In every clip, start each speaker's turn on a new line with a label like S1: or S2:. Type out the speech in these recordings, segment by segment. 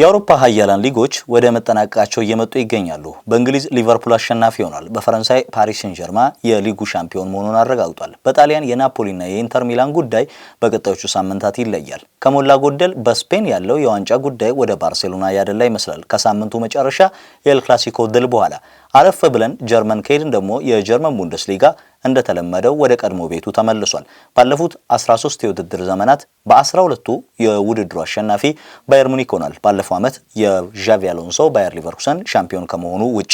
S1: የአውሮፓ ሀያላን ሊጎች ወደ መጠናቀቃቸው እየመጡ ይገኛሉ። በእንግሊዝ ሊቨርፑል አሸናፊ ሆኗል። በፈረንሳይ ፓሪስ ሰን ጀርማ የሊጉ ሻምፒዮን መሆኑን አረጋግጧል። በጣሊያን የናፖሊና የኢንተር ሚላን ጉዳይ በቀጣዮቹ ሳምንታት ይለያል። ከሞላ ጎደል በስፔን ያለው የዋንጫ ጉዳይ ወደ ባርሴሎና ያደላ ይመስላል። ከሳምንቱ መጨረሻ የኤል ክላሲኮ ድል በኋላ አረፍ ብለን ጀርመን ከሄድን ደግሞ የጀርመን ቡንደስሊጋ እንደተለመደው ወደ ቀድሞ ቤቱ ተመልሷል። ባለፉት 13 የውድድር ዘመናት በ12ቱ የውድድሩ አሸናፊ ባየር ሙኒክ ሆኗል። ባለፈው ዓመት የዣቪ አሎንሶ ባየር ሊቨርኩሰን ሻምፒዮን ከመሆኑ ውጪ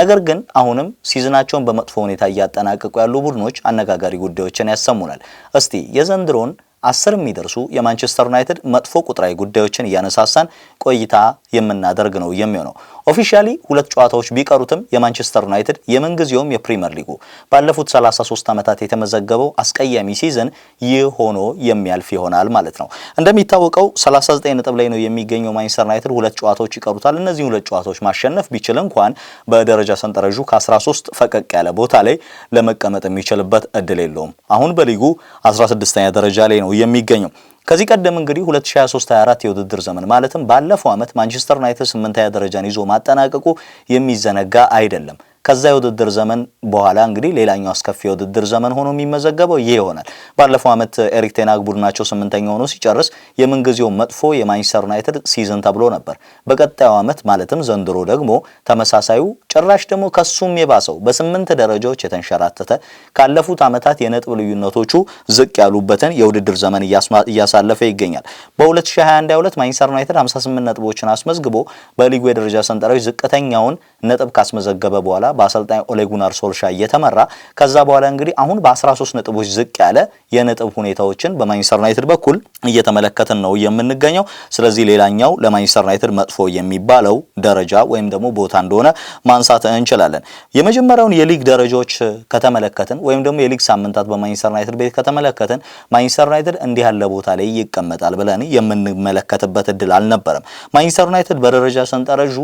S1: ነገር ግን አሁንም ሲዝናቸውን በመጥፎ ሁኔታ እያጠናቀቁ ያሉ ቡድኖች አነጋጋሪ ጉዳዮችን ያሰሙናል። እስቲ የዘንድሮን አስር የሚደርሱ የማንቸስተር ዩናይትድ መጥፎ ቁጥራዊ ጉዳዮችን እያነሳሳን ቆይታ የምናደርግ ነው የሚሆነው። ኦፊሻሊ ሁለት ጨዋታዎች ቢቀሩትም የማንቸስተር ዩናይትድ የምንጊዜውም የፕሪምየር ሊጉ ባለፉት 33 ዓመታት የተመዘገበው አስቀያሚ ሲዝን ይህ ሆኖ የሚያልፍ ይሆናል ማለት ነው። እንደሚታወቀው 39 ነጥብ ላይ ነው የሚገኘው ማንቸስተር ዩናይትድ ሁለት ጨዋታዎች ይቀሩታል። እነዚህ ሁለት ጨዋታዎች ማሸነፍ ቢችል እንኳን በደረጃ ሰንጠረዡ ከ13 ፈቀቅ ያለ ቦታ ላይ ለመቀመጥ የሚችልበት እድል የለውም። አሁን በሊጉ 16ኛ ደረጃ ላይ ነው የሚገኘው። ከዚህ ቀደም እንግዲህ 2023-24 የውድድር ዘመን ማለትም ባለፈው ዓመት ማንቸስተር ዩናይትድ ስምንተኛ ደረጃን ይዞ ማጠናቀቁ የሚዘነጋ አይደለም። ከዛ የውድድር ዘመን በኋላ እንግዲህ ሌላኛው አስከፊ የውድድር ዘመን ሆኖ የሚመዘገበው ይህ ይሆናል። ባለፈው ዓመት ኤሪክ ቴናግ ቡድናቸው ስምንተኛ ሆኖ ሲጨርስ የምንጊዜው መጥፎ የማንቸስተር ዩናይትድ ሲዝን ተብሎ ነበር። በቀጣዩ ዓመት ማለትም ዘንድሮ ደግሞ ተመሳሳዩ ጭራሽ ደግሞ ከሱም የባሰው በስምንት ደረጃዎች የተንሸራተተ ካለፉት ዓመታት የነጥብ ልዩነቶቹ ዝቅ ያሉበትን የውድድር ዘመን እያሳለፈ ይገኛል። በ2021/22 ማንቸስተር ዩናይትድ 58 ነጥቦችን አስመዝግቦ በሊጉ የደረጃ ሰንጠረዥ ዝቅተኛውን ነጥብ ካስመዘገበ በኋላ በአሰልጣኝ ኦሌጉናር ሶልሻ እየተመራ ከዛ በኋላ እንግዲህ አሁን በ13 ነጥቦች ዝቅ ያለ የነጥብ ሁኔታዎችን በማንቸስተር ዩናይትድ በኩል እየተመለከትን ነው የምንገኘው። ስለዚህ ሌላኛው ለማንቸስተር ዩናይትድ መጥፎ የሚባለው ደረጃ ወይም ደግሞ ቦታ እንደሆነ ማንሳት እንችላለን። የመጀመሪያውን የሊግ ደረጃዎች ከተመለከትን ወይም ደግሞ የሊግ ሳምንታት በማንቸስተር ዩናይትድ ቤት ከተመለከትን ማንቸስተር ዩናይትድ እንዲህ ያለ ቦታ ላይ ይቀመጣል ብለን የምንመለከትበት እድል አልነበረም። ማንቸስተር ዩናይትድ በደረጃ ሰንጠረዡ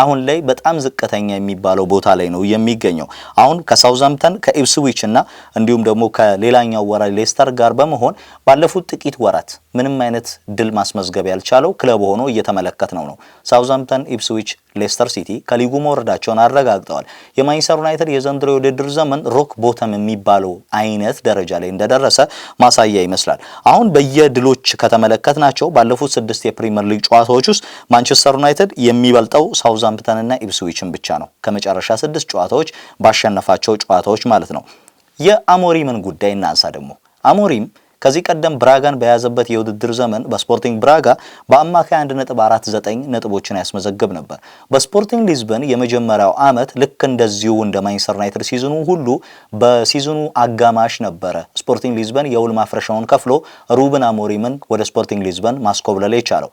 S1: አሁን ላይ በጣም ዝቅተኛ የሚባለው ቦታ ላይ ነው የሚገኘው። አሁን ከሳውዛምተን ከኢፕስዊች እና እንዲሁም ደግሞ ከሌላኛው ወራጅ ሌስተር ጋር በመሆን ባለፉት ጥቂት ወራት ምንም አይነት ድል ማስመዝገብ ያልቻለው ክለብ ሆኖ እየተመለከት ነው ነው ሳውዛምተን ኢፕስዊች ሌስተር ሲቲ ከሊጉ መውረዳቸውን አረጋግጠዋል። የማንቸስተር ዩናይትድ የዘንድሮ የውድድር ዘመን ሮክ ቦተም የሚባለው አይነት ደረጃ ላይ እንደደረሰ ማሳያ ይመስላል። አሁን በየድሎች ከተመለከት ናቸው ባለፉት ስድስት የፕሪምየር ሊግ ጨዋታዎች ውስጥ ማንቸስተር ዩናይትድ የሚበልጠው ሳውዛምፕተንና ኢፕስዊችን ብቻ ነው። ከመጨረሻ ስድስት ጨዋታዎች ባሸነፋቸው ጨዋታዎች ማለት ነው። የአሞሪምን ጉዳይ እናንሳ ደግሞ አሞሪም ከዚህ ቀደም ብራጋን በያዘበት የውድድር ዘመን በስፖርቲንግ ብራጋ በአማካይ 1.49 ነጥቦችን ያስመዘግብ ነበር። በስፖርቲንግ ሊዝበን የመጀመሪያው ዓመት ልክ እንደዚሁ እንደ ማንችስተር ዩናይትድ ሲዝኑ ሁሉ በሲዝኑ አጋማሽ ነበረ ስፖርቲንግ ሊዝበን የውል ማፍረሻውን ከፍሎ ሩብን አሞሪምን ወደ ስፖርቲንግ ሊዝበን ማስኮብለል የቻለው።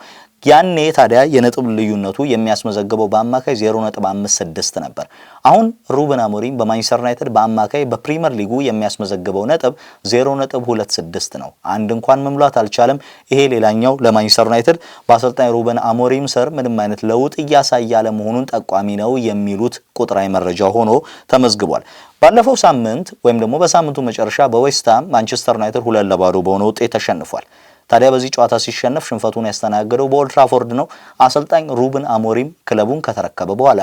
S1: ያኔ ታዲያ የነጥብ ልዩነቱ የሚያስመዘግበው በአማካይ 0.56 ነበር። አሁን ሩበን አሞሪም በማንቸስተር ዩናይትድ በአማካይ በፕሪምየር ሊጉ የሚያስመዘግበው ነጥብ 0.26 ነው። አንድ እንኳን መሙላት አልቻለም። ይሄ ሌላኛው ለማንቸስተር ዩናይትድ በአሰልጣኝ ሩበን አሞሪም ስር ምንም አይነት ለውጥ እያሳየ አለመሆኑን ጠቋሚ ነው የሚሉት ቁጥራዊ መረጃ ሆኖ ተመዝግቧል። ባለፈው ሳምንት ወይም ደግሞ በሳምንቱ መጨረሻ በዌስትሃም ማንቸስተር ዩናይትድ ሁለት ለባዶ በሆነ ውጤት ተሸንፏል። ታዲያ በዚህ ጨዋታ ሲሸነፍ ሽንፈቱን ያስተናገደው በኦልትራፎርድ ነው። አሰልጣኝ ሩብን አሞሪም ክለቡን ከተረከበ በኋላ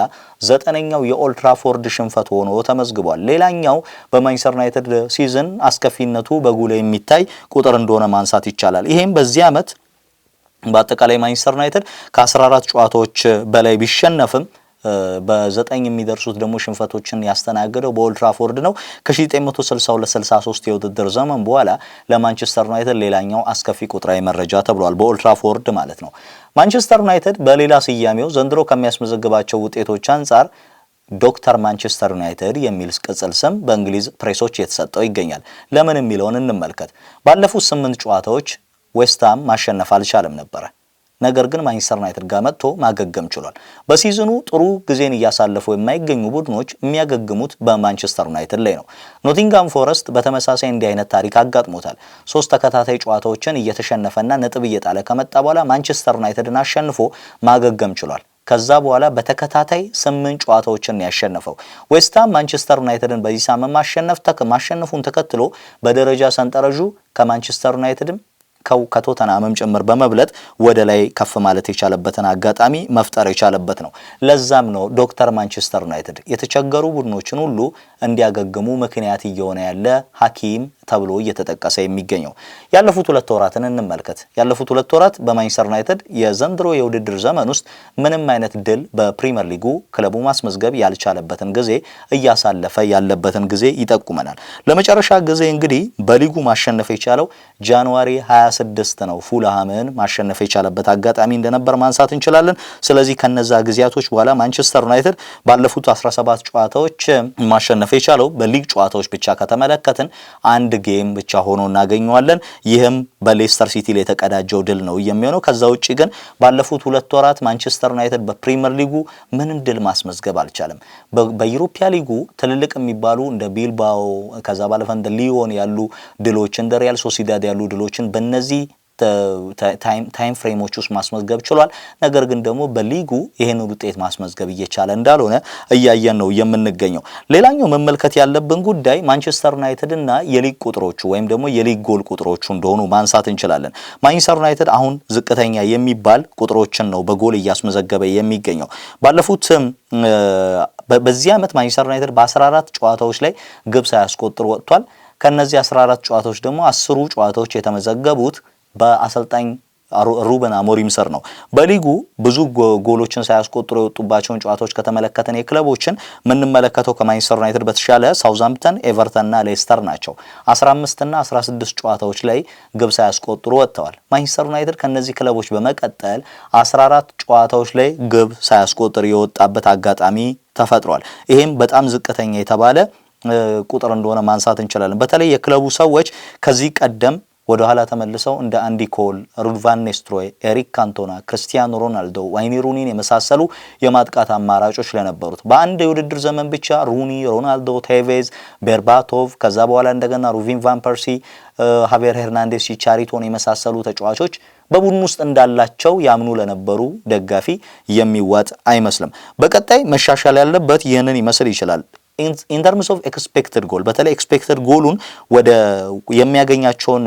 S1: ዘጠነኛው የኦልትራፎርድ ሽንፈት ሆኖ ተመዝግቧል። ሌላኛው በማንቸስተር ዩናይትድ ሲዝን አስከፊነቱ በጉል የሚታይ ቁጥር እንደሆነ ማንሳት ይቻላል። ይሄም በዚህ ዓመት በአጠቃላይ ማንቸስተር ዩናይትድ ከ14 ጨዋታዎች በላይ ቢሸነፍም በዘጠኝ የሚደርሱት ደግሞ ሽንፈቶችን ያስተናገደው በኦልትራፎርድ ነው። ከ1962/63 የውድድር ዘመን በኋላ ለማንቸስተር ዩናይትድ ሌላኛው አስከፊ ቁጥራዊ መረጃ ተብሏል። በኦልትራፎርድ ማለት ነው። ማንቸስተር ዩናይትድ በሌላ ስያሜው ዘንድሮ ከሚያስመዘግባቸው ውጤቶች አንጻር ዶክተር ማንቸስተር ዩናይትድ የሚል ቅጽል ስም በእንግሊዝ ፕሬሶች የተሰጠው ይገኛል። ለምን የሚለውን እንመልከት። ባለፉት ስምንት ጨዋታዎች ዌስትሃም ማሸነፍ አልቻለም ነበረ። ነገር ግን ማንቸስተር ዩናይትድ ጋር መጥቶ ማገገም ችሏል። በሲዝኑ ጥሩ ጊዜን እያሳለፉ የማይገኙ ቡድኖች የሚያገግሙት በማንቸስተር ዩናይትድ ላይ ነው። ኖቲንጋም ፎረስት በተመሳሳይ እንዲህ አይነት ታሪክ አጋጥሞታል። ሶስት ተከታታይ ጨዋታዎችን እየተሸነፈና ነጥብ እየጣለ ከመጣ በኋላ ማንቸስተር ዩናይትድን አሸንፎ ማገገም ችሏል። ከዛ በኋላ በተከታታይ ስምንት ጨዋታዎችን ያሸነፈው ዌስትሃም ማንቸስተር ዩናይትድን በዚህ ሳምንት ማሸነፍ ማሸነፉን ተከትሎ በደረጃ ሰንጠረዡ ከማንቸስተር ዩናይትድም ከቶተናምም ጭምር በመብለጥ ወደ ላይ ከፍ ማለት የቻለበትን አጋጣሚ መፍጠር የቻለበት ነው። ለዛም ነው ዶክተር ማንቸስተር ዩናይትድ የተቸገሩ ቡድኖችን ሁሉ እንዲያገግሙ ምክንያት እየሆነ ያለ ሐኪም ተብሎ እየተጠቀሰ የሚገኘው። ያለፉት ሁለት ወራትን እንመልከት። ያለፉት ሁለት ወራት በማንችስተር ዩናይትድ የዘንድሮ የውድድር ዘመን ውስጥ ምንም አይነት ድል በፕሪምየር ሊጉ ክለቡ ማስመዝገብ ያልቻለበትን ጊዜ እያሳለፈ ያለበትን ጊዜ ይጠቁመናል። ለመጨረሻ ጊዜ እንግዲህ በሊጉ ማሸነፍ የቻለው ጃንዋሪ 26 ነው። ፉልሃምን ማሸነፍ የቻለበት አጋጣሚ እንደነበር ማንሳት እንችላለን። ስለዚህ ከነዛ ጊዜያቶች በኋላ ማንችስተር ዩናይትድ ባለፉት 17 ጨዋታዎች ማሸነፍ የቻለው በሊግ ጨዋታዎች ብቻ ከተመለከትን አንድ አንድ ጌም ብቻ ሆኖ እናገኘዋለን። ይህም በሌስተር ሲቲ ላይ የተቀዳጀው ድል ነው የሚሆነው። ከዛ ውጭ ግን ባለፉት ሁለት ወራት ማንቸስተር ዩናይትድ በፕሪምየር ሊጉ ምንም ድል ማስመዝገብ አልቻለም። በዩሮፒያ ሊጉ ትልልቅ የሚባሉ እንደ ቢልባኦ ከዛ ባለፈ እንደ ሊዮን ያሉ ድሎች እንደ ሪያል ሶሲዳድ ያሉ ድሎችን በነዚህ ታይም ፍሬሞች ውስጥ ማስመዝገብ ችሏል። ነገር ግን ደግሞ በሊጉ ይህንን ውጤት ማስመዝገብ እየቻለ እንዳልሆነ እያየን ነው የምንገኘው። ሌላኛው መመልከት ያለብን ጉዳይ ማንቸስተር ዩናይትድ እና የሊግ ቁጥሮቹ ወይም ደግሞ የሊግ ጎል ቁጥሮቹ እንደሆኑ ማንሳት እንችላለን። ማንቸስተር ዩናይትድ አሁን ዝቅተኛ የሚባል ቁጥሮችን ነው በጎል እያስመዘገበ የሚገኘው ባለፉት በዚህ ዓመት ማንቸስተር ዩናይትድ በ14 ጨዋታዎች ላይ ግብ ሳያስቆጥር ወጥቷል። ከነዚህ 14 ጨዋታዎች ደግሞ አስሩ ጨዋታዎች የተመዘገቡት በአሰልጣኝ ሩበን አሞሪም ስር ነው። በሊጉ ብዙ ጎሎችን ሳያስቆጥሩ የወጡባቸውን ጨዋታዎች ከተመለከተን የክለቦችን የምንመለከተው ከማንችስተር ዩናይትድ በተሻለ ሳውዛምፕተን፣ ኤቨርተንና ሌስተር ናቸው። 15ና 16 ጨዋታዎች ላይ ግብ ሳያስቆጥሩ ወጥተዋል። ማንችስተር ዩናይትድ ከእነዚህ ክለቦች በመቀጠል 14 ጨዋታዎች ላይ ግብ ሳያስቆጥር የወጣበት አጋጣሚ ተፈጥሯል። ይሄም በጣም ዝቅተኛ የተባለ ቁጥር እንደሆነ ማንሳት እንችላለን። በተለይ የክለቡ ሰዎች ከዚህ ቀደም ወደ ኋላ ተመልሰው እንደ አንዲ ኮል፣ ሩድቫን ኔስትሮይ፣ ኤሪክ ካንቶና፣ ክርስቲያኖ ሮናልዶ፣ ዋይኒ ሩኒን የመሳሰሉ የማጥቃት አማራጮች ለነበሩት በአንድ የውድድር ዘመን ብቻ ሩኒ፣ ሮናልዶ፣ ቴቬዝ፣ ቤርባቶቭ ከዛ በኋላ እንደገና ሩቪን ቫን ፐርሲ፣ ሀቬር ሄርናንዴስ፣ ቺቻሪቶን የመሳሰሉ ተጫዋቾች በቡድን ውስጥ እንዳላቸው ያምኑ ለነበሩ ደጋፊ የሚዋጥ አይመስልም። በቀጣይ መሻሻል ያለበት ይህንን ይመስል ይችላል። ኢንተርምስ ኦፍ ኤክስፔክትድ ጎል በተለይ ኤክስፔክትድ ጎሉን ወደ የሚያገኛቸውን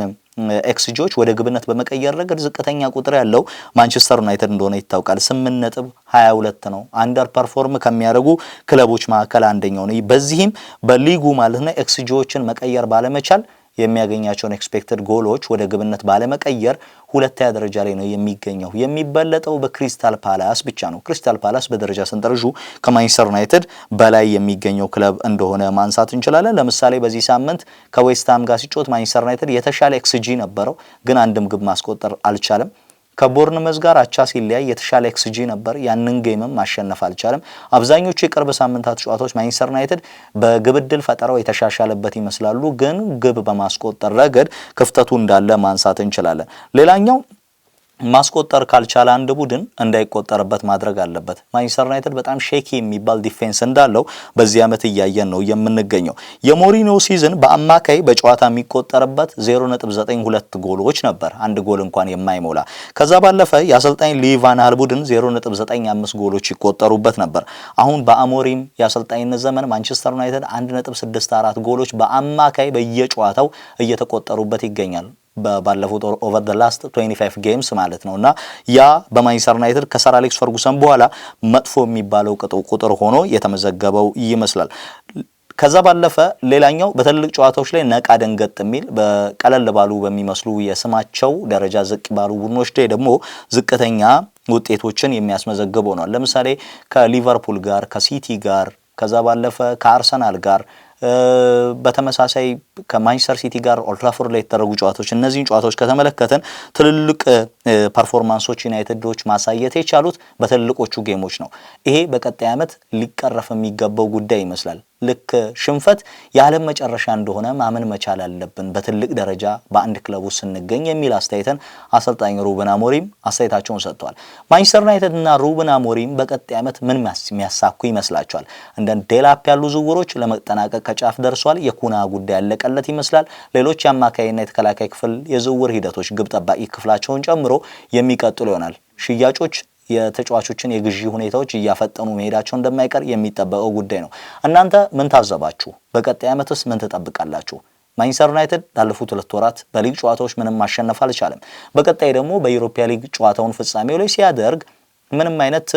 S1: ኤክስጂዎች ወደ ግብነት በመቀየር ረገድ ዝቅተኛ ቁጥር ያለው ማንቸስተር ዩናይትድ እንደሆነ ይታወቃል። ስምንት ነጥብ ሀያ ሁለት ነው። አንደር ፐርፎርም ከሚያደርጉ ክለቦች መካከል አንደኛው ነው። በዚህም በሊጉ ማለት ነው ኤክስጂዎችን መቀየር ባለመቻል የሚያገኛቸውን ኤክስፔክተድ ጎሎች ወደ ግብነት ባለመቀየር ሁለተኛ ደረጃ ላይ ነው የሚገኘው። የሚበለጠው በክሪስታል ፓላስ ብቻ ነው። ክሪስታል ፓላስ በደረጃ ሰንጠረዡ ከማንቸስተር ዩናይትድ በላይ የሚገኘው ክለብ እንደሆነ ማንሳት እንችላለን። ለምሳሌ በዚህ ሳምንት ከዌስትሃም ጋር ሲጮት ማንቸስተር ዩናይትድ የተሻለ ኤክስጂ ነበረው፣ ግን አንድም ግብ ማስቆጠር አልቻለም። ከቦርንመዝ ጋር አቻ ሲለያይ የተሻለ ኤክስጂ ነበር። ያንን ጌምም ማሸነፍ አልቻለም። አብዛኞቹ የቅርብ ሳምንታት ጨዋታዎች ማንቸስተር ዩናይትድ በግብ ዕድል ፈጠራው የተሻሻለበት ይመስላሉ፣ ግን ግብ በማስቆጠር ረገድ ክፍተቱ እንዳለ ማንሳት እንችላለን። ሌላኛው ማስቆጠር ካልቻለ አንድ ቡድን እንዳይቆጠርበት ማድረግ አለበት። ማንቸስተር ዩናይትድ በጣም ሼኪ የሚባል ዲፌንስ እንዳለው በዚህ ዓመት እያየን ነው የምንገኘው። የሞሪኖ ሲዝን በአማካይ በጨዋታ የሚቆጠርበት 0.92 ጎሎች ነበር፣ አንድ ጎል እንኳን የማይሞላ ከዛ ባለፈ የአሰልጣኝ ሊቫናል ቡድን 0.95 ጎሎች ይቆጠሩበት ነበር። አሁን በአሞሪም የአሰልጣኝነት ዘመን ማንቸስተር ዩናይትድ 1.64 ጎሎች በአማካይ በየጨዋታው እየተቆጠሩበት ይገኛል። ባለፉት ኦቨር ደ ላስት 25 ጌምስ ማለት ነው እና ያ በማንችስተር ዩናይትድ ከሰር አሌክስ ፈርጉሰን በኋላ መጥፎ የሚባለው ቅጡ ቁጥር ሆኖ የተመዘገበው ይመስላል። ከዛ ባለፈ ሌላኛው በትልልቅ ጨዋታዎች ላይ ነቃ ደንገጥ የሚል በቀለል ባሉ በሚመስሉ የስማቸው ደረጃ ዝቅ ባሉ ቡድኖች ላይ ደግሞ ዝቅተኛ ውጤቶችን የሚያስመዘግበው ነው ለምሳሌ ከሊቨርፑል ጋር፣ ከሲቲ ጋር ከዛ ባለፈ ከአርሰናል ጋር በተመሳሳይ ከማንቸስተር ሲቲ ጋር ኦልትራፎርድ ላይ የተደረጉ ጨዋታዎች እነዚህን ጨዋታዎች ከተመለከተን ትልልቅ ፐርፎርማንሶች ዩናይትዶች ማሳየት የቻሉት በትልልቆቹ ጌሞች ነው። ይሄ በቀጣይ ዓመት ሊቀረፍ የሚገባው ጉዳይ ይመስላል። ልክ ሽንፈት የዓለም መጨረሻ እንደሆነ ማመን መቻል አለብን በትልቅ ደረጃ በአንድ ክለቡ ስንገኝ የሚል አስተያየትን አሰልጣኝ ሩብን አሞሪም አስተያየታቸውን ሰጥተዋል። ማንቸስተር ዩናይትድ እና ሩብን አሞሪም በቀጣይ ዓመት ምን የሚያሳኩ ይመስላቸዋል? እንደ ዴላፕ ያሉ ዝውውሮች ለመጠናቀቅ ከጫፍ ደርሷል። የኩና ጉዳይ ያለቀለት ይመስላል። ሌሎች የአማካይና የተከላካይ ክፍል የዝውውር ሂደቶች ግብ ጠባቂ ክፍላቸውን ጨምሮ የሚቀጥሉ ይሆናል። ሽያጮች የተጫዋቾችን የግዢ ሁኔታዎች እያፈጠኑ መሄዳቸው እንደማይቀር የሚጠበቀው ጉዳይ ነው። እናንተ ምን ታዘባችሁ? በቀጣይ ዓመትስ ምን ትጠብቃላችሁ? ማንቸስተር ዩናይትድ ላለፉት ሁለት ወራት በሊግ ጨዋታዎች ምንም ማሸነፍ አልቻለም። በቀጣይ ደግሞ በዩሮፓ ሊግ ጨዋታውን ፍጻሜው ላይ ሲያደርግ ምንም አይነት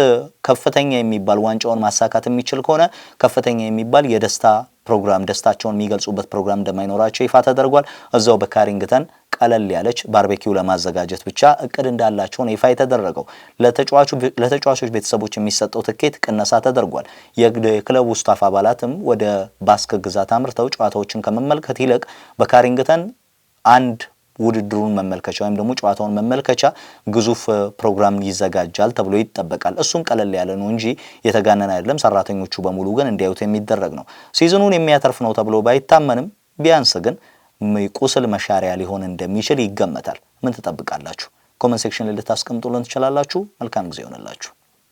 S1: ከፍተኛ የሚባል ዋንጫውን ማሳካት የሚችል ከሆነ ከፍተኛ የሚባል የደስታ ፕሮግራም ደስታቸውን የሚገልጹበት ፕሮግራም እንደማይኖራቸው ይፋ ተደርጓል። እዛው በካሪንግተን ቀለል ያለች ባርቤኪው ለማዘጋጀት ብቻ እቅድ እንዳላቸው ነው ይፋ የተደረገው። ለተጫዋቾች ቤተሰቦች የሚሰጠው ትኬት ቅነሳ ተደርጓል። የክለቡ ስታፍ አባላትም ወደ ባስክ ግዛት አምርተው ጨዋታዎችን ከመመልከት ይልቅ በካሪንግተን አንድ ውድድሩን መመልከቻ ወይም ደግሞ ጨዋታውን መመልከቻ ግዙፍ ፕሮግራም ይዘጋጃል ተብሎ ይጠበቃል። እሱም ቀለል ያለ ነው እንጂ የተጋነን አይደለም። ሰራተኞቹ በሙሉ ግን እንዲያዩት የሚደረግ ነው። ሲዝኑን የሚያተርፍ ነው ተብሎ ባይታመንም ቢያንስ ግን ቁስል መሻሪያ ሊሆን እንደሚችል ይገመታል። ምን ትጠብቃላችሁ? ኮመንት ሴክሽን ላይ ልታስቀምጡልን ትችላላችሁ። መልካም ጊዜ ይሆንላችሁ።